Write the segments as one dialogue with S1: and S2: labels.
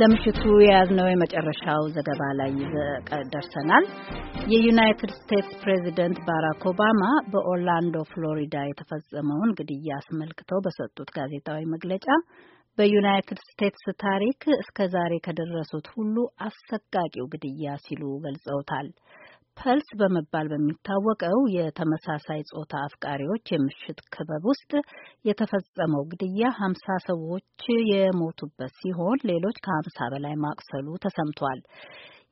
S1: ለምሽቱ የያዝነው የመጨረሻው ዘገባ ላይ ደርሰናል። የዩናይትድ ስቴትስ ፕሬዚደንት ባራክ ኦባማ በኦርላንዶ ፍሎሪዳ የተፈጸመውን ግድያ አስመልክተው በሰጡት ጋዜጣዊ መግለጫ በዩናይትድ ስቴትስ ታሪክ እስከ ዛሬ ከደረሱት ሁሉ አሰቃቂው ግድያ ሲሉ ገልጸውታል። ፐልስ በመባል በሚታወቀው የተመሳሳይ ጾታ አፍቃሪዎች የምሽት ክበብ ውስጥ የተፈጸመው ግድያ ሀምሳ ሰዎች የሞቱበት ሲሆን ሌሎች ከሀምሳ በላይ ማቁሰሉ ተሰምቷል።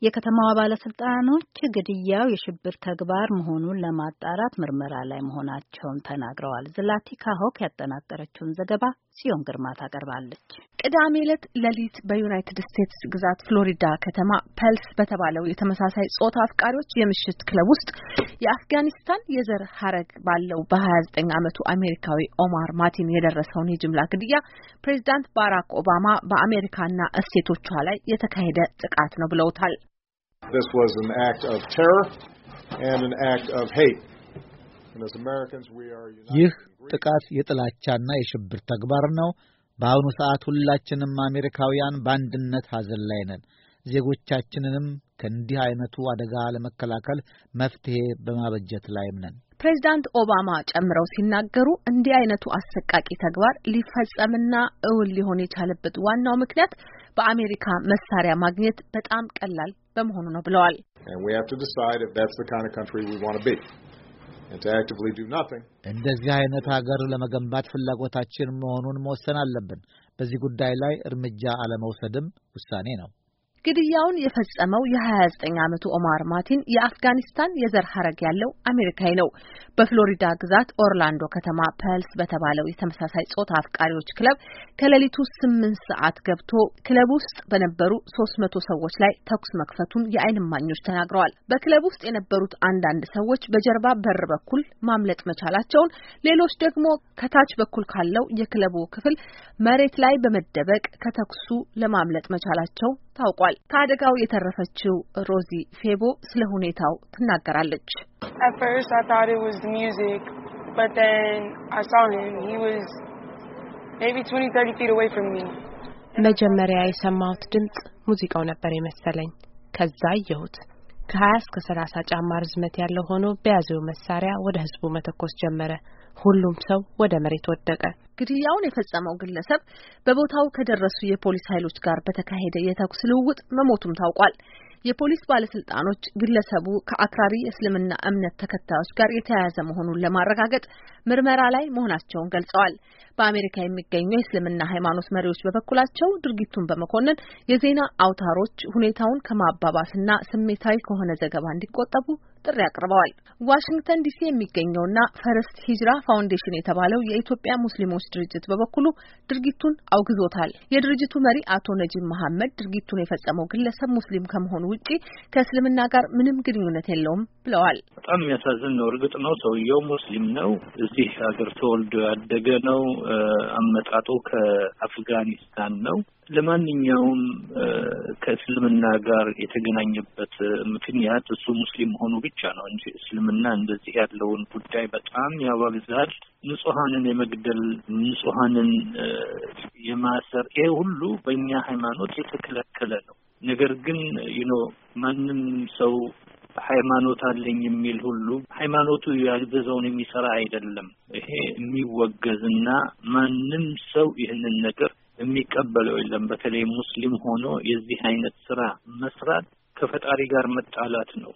S1: የከተማዋ ባለስልጣኖች ግድያው የሽብር ተግባር መሆኑን ለማጣራት ምርመራ ላይ መሆናቸውን ተናግረዋል። ዝላቲካ ሆክ ያጠናቀረችውን ዘገባ ጽዮን ግርማ ታቀርባለች።
S2: ቅዳሜ ዕለት ሌሊት በዩናይትድ ስቴትስ ግዛት ፍሎሪዳ ከተማ ፐልስ በተባለው የተመሳሳይ ጾታ አፍቃሪዎች የምሽት ክለብ ውስጥ የአፍጋኒስታን የዘር ሀረግ ባለው በ29 ዓመቱ አሜሪካዊ ኦማር ማቲን የደረሰውን የጅምላ ግድያ ፕሬዚዳንት ባራክ ኦባማ በአሜሪካና እሴቶቿ ላይ የተካሄደ ጥቃት ነው ብለውታል።
S3: ይህ ጥቃት የጥላቻና የሽብር ተግባር ነው። በአሁኑ ሰዓት ሁላችንም አሜሪካውያን በአንድነት ሐዘን ላይ ነን። ዜጎቻችንንም ከእንዲህ አይነቱ አደጋ ለመከላከል መፍትሄ በማበጀት ላይም ነን።
S2: ፕሬዚዳንት ኦባማ ጨምረው ሲናገሩ እንዲህ አይነቱ አሰቃቂ ተግባር ሊፈጸምና እውን ሊሆን የቻለበት ዋናው ምክንያት በአሜሪካ መሳሪያ ማግኘት በጣም ቀላል በመሆኑ
S3: ነው ብለዋል። እንደዚህ አይነት ሀገር ለመገንባት ፍላጎታችን መሆኑን መወሰን አለብን። በዚህ ጉዳይ ላይ እርምጃ አለመውሰድም ውሳኔ ነው።
S2: ግድያውን የፈጸመው የ29 ዓመቱ ኦማር ማቲን የአፍጋኒስታን የዘር ሀረግ ያለው አሜሪካዊ ነው። በፍሎሪዳ ግዛት ኦርላንዶ ከተማ ፐልስ በተባለው የተመሳሳይ ጾታ አፍቃሪዎች ክለብ ከሌሊቱ ስምንት ሰዓት ገብቶ ክለብ ውስጥ በነበሩ መቶ ሰዎች ላይ ተኩስ መክፈቱን የአይን እማኞች ተናግረዋል። በክለብ ውስጥ የነበሩት አንዳንድ ሰዎች በጀርባ በር በኩል ማምለጥ መቻላቸውን፣ ሌሎች ደግሞ ከታች በኩል ካለው የክለቡ ክፍል መሬት ላይ በመደበቅ ከተኩሱ ለማምለጥ መቻላቸው ታውቋል። ከአደጋው የተረፈችው ሮዚ ፌቦ ስለ ሁኔታው ትናገራለች። መጀመሪያ የሰማሁት ድምፅ ሙዚቃው ነበር የመሰለኝ። ከዛ አየሁት። ከ20 እስከ 30 ጫማ ርዝመት ያለው ሆኖ በያዘው መሳሪያ ወደ ህዝቡ መተኮስ ጀመረ። ሁሉም ሰው ወደ መሬት ወደቀ። ግድያውን የፈጸመው ግለሰብ በቦታው ከደረሱ የፖሊስ ኃይሎች ጋር በተካሄደ የተኩስ ልውውጥ መሞቱም ታውቋል። የፖሊስ ባለስልጣኖች ግለሰቡ ከአክራሪ የእስልምና እምነት ተከታዮች ጋር የተያያዘ መሆኑን ለማረጋገጥ ምርመራ ላይ መሆናቸውን ገልጸዋል። በአሜሪካ የሚገኙ የእስልምና ሃይማኖት መሪዎች በበኩላቸው ድርጊቱን በመኮነን የዜና አውታሮች ሁኔታውን ከማባባስና ስሜታዊ ከሆነ ዘገባ እንዲቆጠቡ ጥሪ አቅርበዋል። ዋሽንግተን ዲሲ የሚገኘውና ፈርስት ሂጅራ ፋውንዴሽን የተባለው የኢትዮጵያ ሙስሊሞች ድርጅት በበኩሉ ድርጊቱን አውግዞታል። የድርጅቱ መሪ አቶ ነጂብ መሐመድ ድርጊቱን የፈጸመው ግለሰብ ሙስሊም ከመሆኑ ውጪ ከእስልምና ጋር ምንም ግንኙነት የለውም
S3: ብለዋል። በጣም የሚያሳዝን ነው። እርግጥ ነው ሰውየው ሙስሊም ነው። እዚህ ሀገር ተወልዶ ያደገ ነው። አመጣጡ ከአፍጋኒስታን ነው። ለማንኛውም ከእስልምና ጋር የተገናኘበት ምክንያት እሱ ሙስሊም መሆኑ ብቻ ነው እንጂ እስልምና እንደዚህ ያለውን ጉዳይ በጣም ያባብዛል። ንጹሐንን የመግደል ንጹሐንን የማሰር ይሄ ሁሉ በእኛ ሃይማኖት የተከለከለ ነው። ነገር ግን ይኖ ማንም ሰው ሃይማኖት አለኝ የሚል ሁሉ ሃይማኖቱ ያዘዘውን የሚሰራ አይደለም። ይሄ የሚወገዝና ማንም ሰው ይህንን ነገር የሚቀበለው የለም። በተለይ ሙስሊም ሆኖ የዚህ አይነት ስራ መስራት ከፈጣሪ ጋር መጣላት ነው።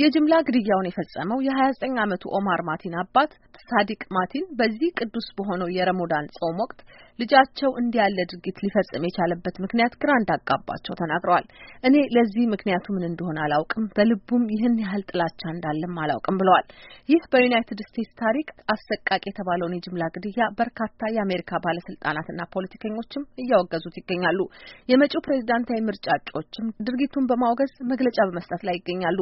S2: የጅምላ ግድያውን የፈጸመው የ29 ዓመቱ ኦማር ማቲን አባት ሳዲቅ ማቲን በዚህ ቅዱስ በሆነው የረሞዳን ጾም ወቅት ልጃቸው እንዲህ ያለ ድርጊት ሊፈጽም የቻለበት ምክንያት ግራ እንዳጋባቸው ተናግረዋል። እኔ ለዚህ ምክንያቱ ምን እንደሆነ አላውቅም፣ በልቡም ይህን ያህል ጥላቻ እንዳለም አላውቅም ብለዋል። ይህ በዩናይትድ ስቴትስ ታሪክ አሰቃቂ የተባለውን የጅምላ ግድያ በርካታ የአሜሪካ ባለስልጣናትና ፖለቲከኞችም እያወገዙት ይገኛሉ። የመጪው ፕሬዚዳንታዊ ምርጫ እጩዎችም ድርጊቱን በማውገዝ መግለጫ በመስጠት ላይ ይገኛሉ።